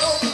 oh, oh, oh.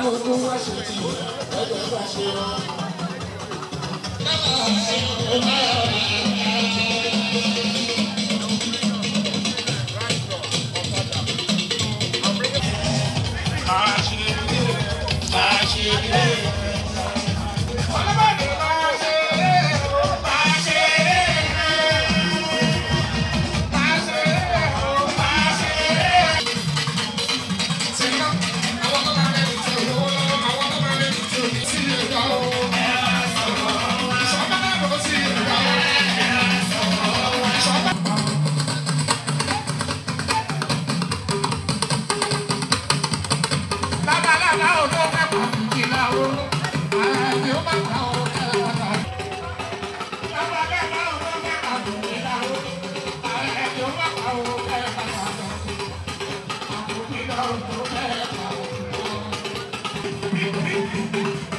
I'm ọdún wá ṣe tì ẹ̀jẹ̀ nígbà ṣe wọn. Thank you.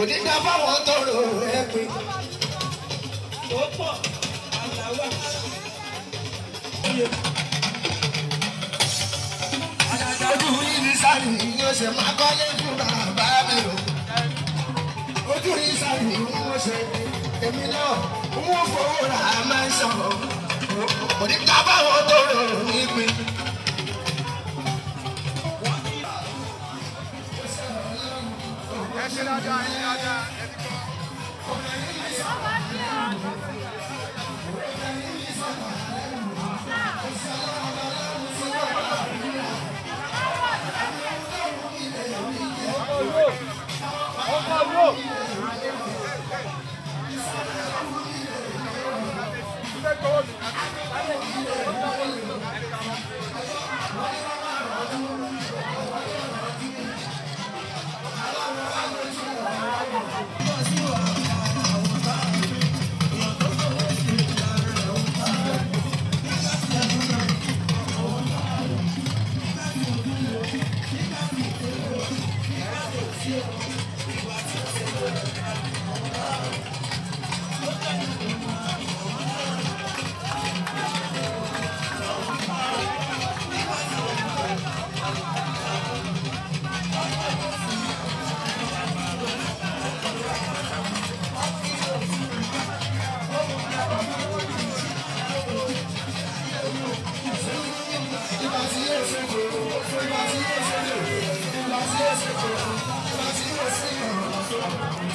onídàá báwọn tọrọ ẹ pé. ó pọ̀ àlàwà. sàmì yóò ṣe máa kọ́lé fún bàbá mi o ojú rí sàmì mo ṣe èmi náà mo fowó ra máa ń sọ kò ká báwọn tó rò nípìn. ẹ ṣe dáadáa ẹ ṣe dáadáa ẹ ti kọ́. Thank you.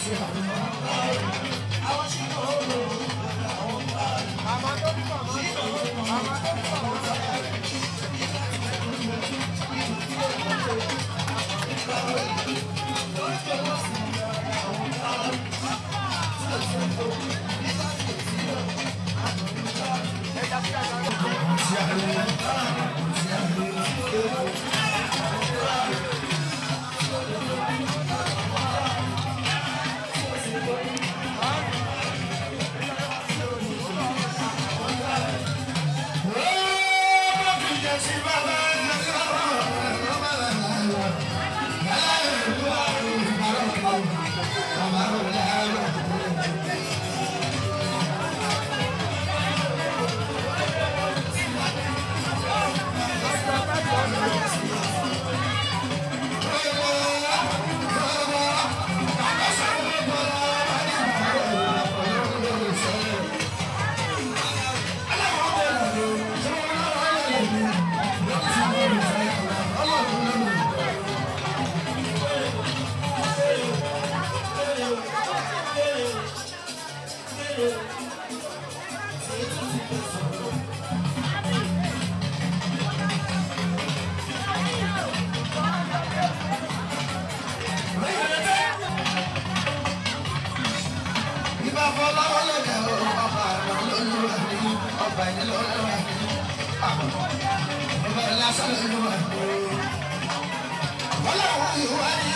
Yeah. bàjẹ́ lọ́wọ́ lọ́wọ́ àbọ̀ ọba lásán lọ́wọ́ àbọ̀ wọ́n làwọn ìwádìí.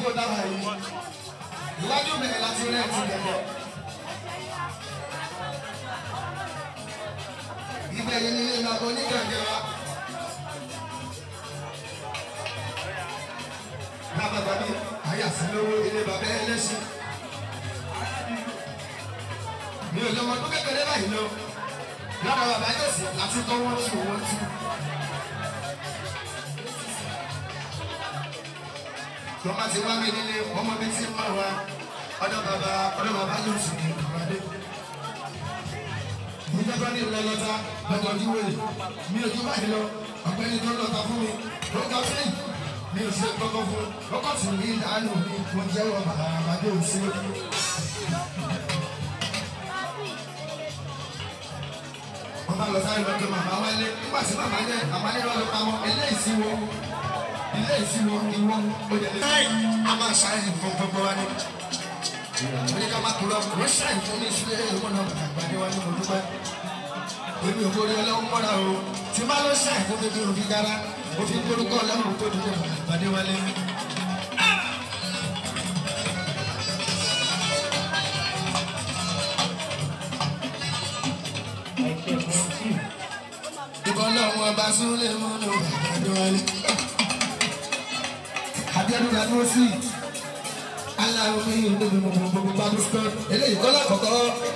tí ó dára yìí ìwájú bẹ̀rẹ̀ láti rẹ̀ ti bẹ̀rẹ̀. ìgbẹ̀yìn ni ìlànà onígbàgbẹ́ wa. bàbá bàbí àyàsílówó ilé bàbá ẹlẹ́sìn. mi ò lọ́mọ tó kékeré báyìí lọ. lára bàbá yóò sì láti tọ́wọ́ tí òun ti. tó bá ti wá mi nílé ọmọ mi ti wá wa ọ̀dọ̀ bàbá ọ̀dọ̀ bàbá yóò sì ní ìpàdé. mo jẹ́ tọ́ni ìlọ lọ́ta lọ́jọ́ ní wèrè mi ò tún báyìí lọ ọ̀gbẹ́ni tó lọ́ta fún mi ló ga fún mi mi ò ṣe kọ́kọ́ fún ọkọ̀ tì mí ìdáhùn mi mo jẹ́wọ́ bàbá àbájọ òṣèlú. ọba lọ sáré lọ màmá wálé nígbà tí màmá dé àmàlẹ́ lọ́dọ̀ pamọ́ eléyìí sí wo ilé ìsinmi ìwọ òjèlè. ṣáì a máa ṣáì fún gbogbo wa ní. torí ká má kúrò ọkùnrin ṣáì tó ní ìṣúlẹ̀ ìwọ̀n náà àgbàdé wa ní olúwa. èmi ò borí ọlọ́run mọ́ra o tí má lọ ṣáì fún bíbí òbí dára òfin gbórúkọ ọlọ́run tó dúró àgbàdé wa lẹ́yìn. ìbọn náà wọn bá súnlé mú lò àgbàdé wa lẹ́yìn adédúrà dúró sí aláwọ̀ yìí ní gbogbo gbogbo gbàdúgbò eléyìí kọ́lá kọ̀kọ́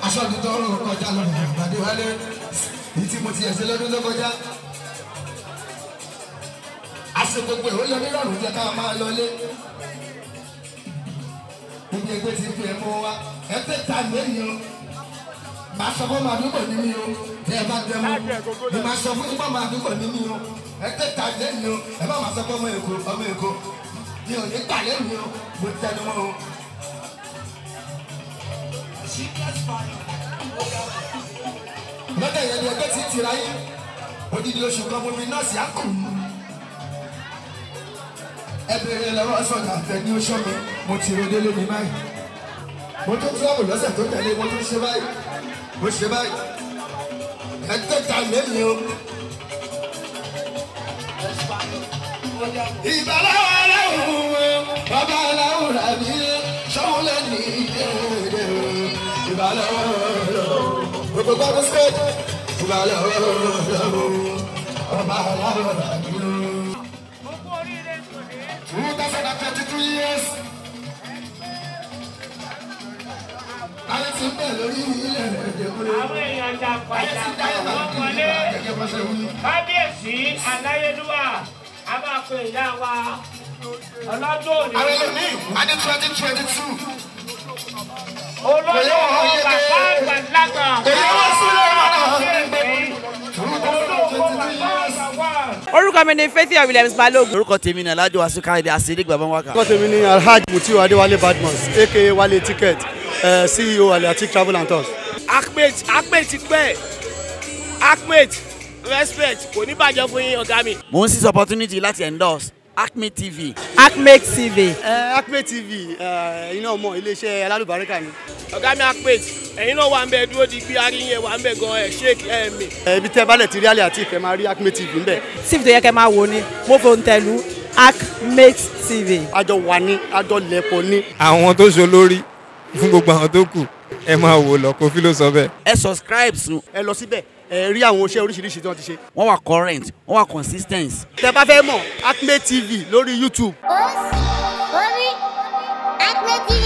aṣọ àdúgbò ọ̀rọ̀ kọjá lọ́nà àgbàdo wálé èyí tí mo ti ẹ̀sẹ̀ lọ́dún tó kọjá àṣẹ gbogbo ìwé lọ nírọ̀rùn jẹ́ ká máa lọlé gbogbo ẹgbẹ́ ti fi ẹ̀mọ́ wa ẹ fẹ́ ta lẹ́yìn o màá sọ fún màdúgbò ní mi o ẹ bá jẹ mọ ni màá sọ fún màdúgbò ní mi o ẹ fẹ́ ta lẹ́yìn o ẹ bá màá sọ fún ọmọ èkó ọmọ èkó mi ò ní pàlẹ́ mi o mo tẹnu mọ́ o. lọ́dọ̀ yẹn ni ẹgbẹ́ ti tira yín odidi oṣù kan mo fi nọ́ọ̀sì á kù. ẹ bèrè lọ́wọ́ sọ̀dọ̀ àfẹ́ ní oṣù mi mo ti ro délé mi báyìí. mo tún tíwáwò lọ́sẹ̀ tó tẹ̀lé mo tún ṣe báyìí mo ṣe báyìí. ẹ tẹ́ta lẹ́yìn o ìbálá years. Àwọn ti bẹ̀ èèyàn jàǹfà jàǹfà wọ́n wọlé. Kábíyèsí aláyélúwà a máa pe ìyá wa ọlọ́dún òní. adé twenty twenty two. olóyè ọ̀hún bàbá àgbàlagbà. èyí wọ́n sílẹ̀ orúkọ mi ni faith williams balogun. orúkọ tèmi ni alhaji wasu káyọ̀dé asidik baba waka. orúkọ tèmi ni alhaji mutiu adéwálé badmus aka wale ticket ceo aliatik travel and tours. ahmed ahmed ti pẹ́ respect kò ní bàjẹ́ fún yín ọ̀gá mi. mo ń seize opportunity láti endorse acme tv. acme tv. Uh, acme tv Uh, iná ọmọ iléeṣẹ́ alálùbáríkà ni. ọ̀gá mi acme ẹ̀yin náà wà ń bẹ dúró di gbé arí yẹn wà ń bẹ gan ẹ̀ ṣéèkì ẹ̀ mi. ibi tẹ balẹ̀ ti rí àlẹ́ àti ìfẹ́ máa rí acme tv ń bẹ̀. tíìfù tó yẹ kẹ́ máa wò ni mo fò ń tẹ̀lú acme tv. àjọ wà ní àjọ lẹ́pọ̀ ní. àwọn tó ṣe olórí fún gbogbo àwọn tó kù ẹ máa wò lọ kó fi ló sọ bẹ́ẹ̀. ẹ subscribe sùn. ẹ lọ síbẹ̀ ẹ rí àwọn iṣẹ́ oríṣiríṣi tí wọ́n ti ṣe. wọ́n wà current wọ́n wà consistent. tẹ bá fẹ́ mọ̀ Acme TV lórí YouTube. ó sì ó rí Acme TV.